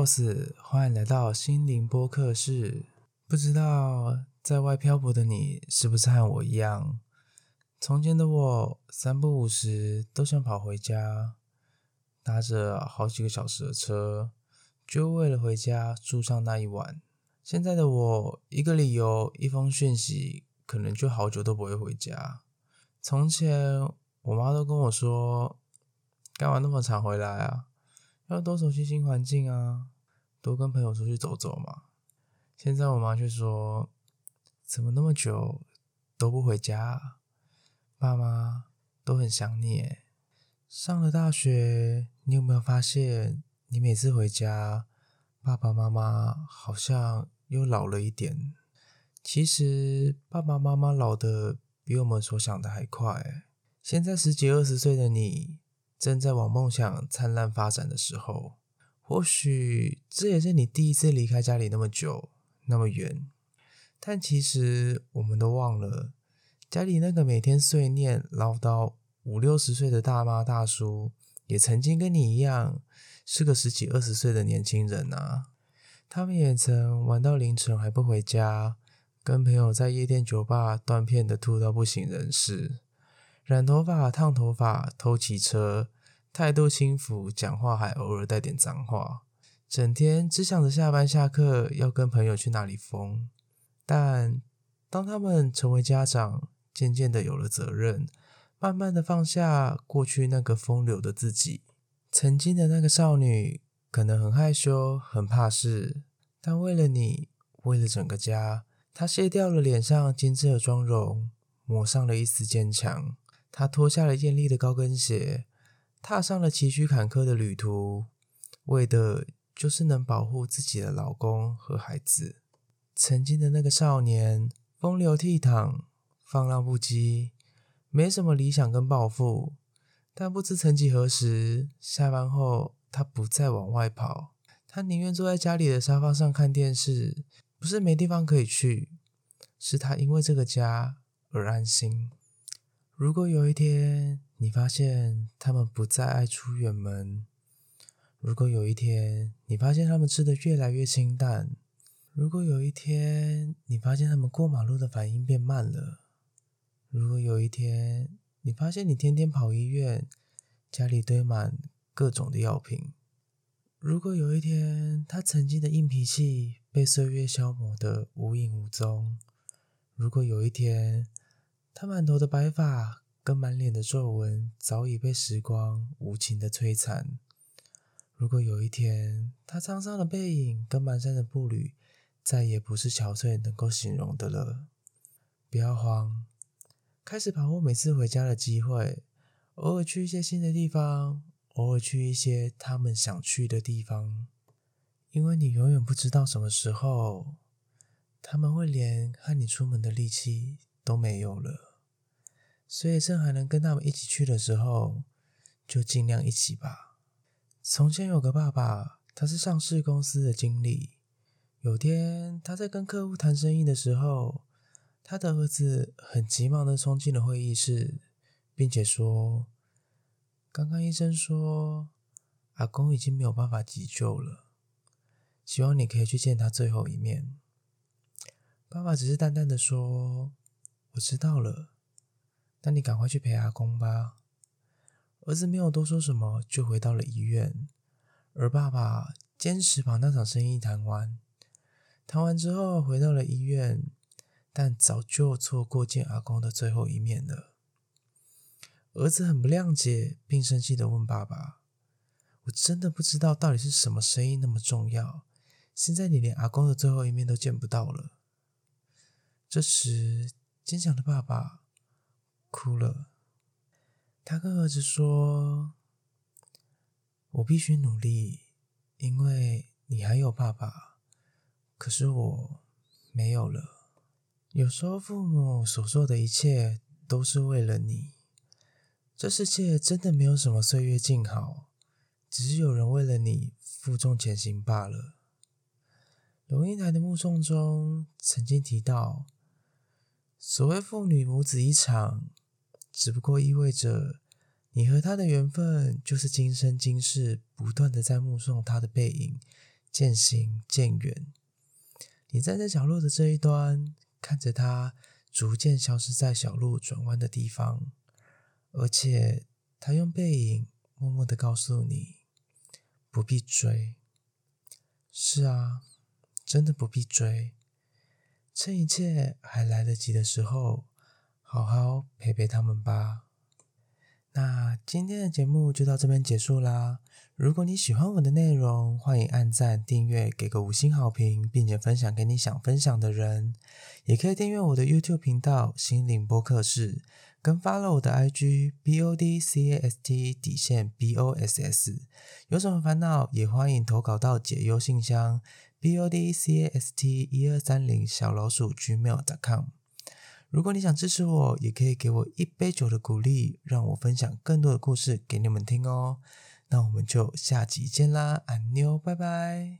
Boss，歡迎來到心靈播客室。不知道在外漂泊的你是不是和我一樣？從前的我三不五時都想跑回家，搭着好幾個小時的車，就為了回家住上那一晚。現在的我一個理由一封訊息，可能就好久都不會回家。從前我媽都跟我說：“幹嘛那麼常回來啊？”要多熟悉新環境啊，多跟朋友出去走走嘛。現在我媽卻說：“怎麼那麼久都不回家啊？爸媽都很想你。”誒上了大學，你有沒有發現，你每次回家，爸爸媽媽好像又老了一點？其實爸爸媽媽老得比我們所想的還快。現在十幾二十歲的你，正在往夢想燦爛發展的時候，或許這也是你第一次離開家裡那麼久、那麼遠。但其實我們都忘了，家裡那個每天碎念嘮叨五六十歲的大媽大叔，也曾經跟你一樣是個十幾二十歲的年輕人吶。他們也曾玩到凌晨還不回家，跟朋友在夜店酒吧斷片的吐到不省人事。染頭髮、燙頭髮、偷騎車，態度輕浮，講話還偶爾帶點髒話，整天只想着下班下課要跟朋友去哪裡瘋。但當他們成為家長，漸漸的有了責任，慢慢的放下過去那個風流的自己，曾經的那個少女可能很害羞、很怕事，但為了你，為了整個家，她卸掉了臉上精緻的妝容，抹上了一絲堅強。她脫下了艷麗的高跟鞋，踏上了崎嶇坎坷的旅途，為的就是能保護自己的老公和孩子。曾經的那個少年，風流倜儻，放浪不羈，沒什麼理想跟抱負。但不知曾幾何時，下班後他不再往外跑，他寧願坐在家裡的沙發上看電視。不是沒地方可以去，是他因為這個家而安心。如果有一天你發現他們不再愛出遠門，如果有一天你發現他們吃得越來越清淡，如果有一天你發現他們過馬路的反應變慢了，如果有一天你發現你天天跑醫院，家裡堆滿各種的藥品，如果有一天他曾經的硬脾氣被歲月消磨得無影無蹤，如果有一天，他滿頭的白髮跟滿臉的皺紋早已被時光無情的摧殘。如果有一天，他滄桑的背影跟蹣跚的步履再也不是憔悴能夠形容的了，不要慌，開始把握每次回家的機會，偶爾去一些新的地方，偶爾去一些他們想去的地方，因為你永遠不知道什麼時候，他們會連和你出門的力氣都沒有了。所以，趁還能跟他們一起去的時候，就盡量一起吧。從前有個爸爸，他是上市公司的經理。有天，他在跟客戶談生意的時候，他的兒子很急忙的衝進了會議室，並且說：“剛剛醫生說，阿公已經沒有辦法急救了，希望你可以去見他最後一面。”爸爸只是淡淡的說：“我知道了。”那你趕快去陪阿公吧。兒子沒有多說什麼，就回到了醫院。而爸爸堅持把那場生意談完，談完之後回到了醫院，但早就錯過見阿公的最後一面了。兒子很不諒解，並生氣的問爸爸：“我真的不知道到底是什麼生意那麼重要，現在你連阿公的最後一面都見不到了。”這時堅強的爸爸。哭了，他跟兒子說：“我必須努力，因為你還有爸爸，可是我沒有了。有時候父母所做的一切都是為了你。這世界真的沒有什麼歲月靜好，只是有人為了你負重前行罷了。”龍應台的《目送》中曾經提到：“所謂父女母子一場。”只不過意味着，你和他的緣分就是今生今世不斷的在目送他的背影漸行漸遠。你站在角落的這一端，看着他逐漸消失在小路轉彎的地方，而且他用背影默默的告訴你，不必追。是啊，真的不必追。趁一切還來得及的時候。好好陪陪他們吧。那今天的節目就到這邊結束啦。如果你喜歡我的內容，歡迎按讚、訂閱、給個五星好評，並且分享給你想分享的人。也可以訂閱我的 YouTube 頻道“心靈播客室”，跟 follow 我的 IG BODCAST 底線 BOSS。有什麼煩惱，也歡迎投稿到解憂信箱 BODCAST 一二三零小老鼠 gmail.com。如果你想支持我，也可以給我一杯酒的鼓勵，讓我分享更多的故事給你們聽哦。那我們就下集見啦，愛你哦，拜拜。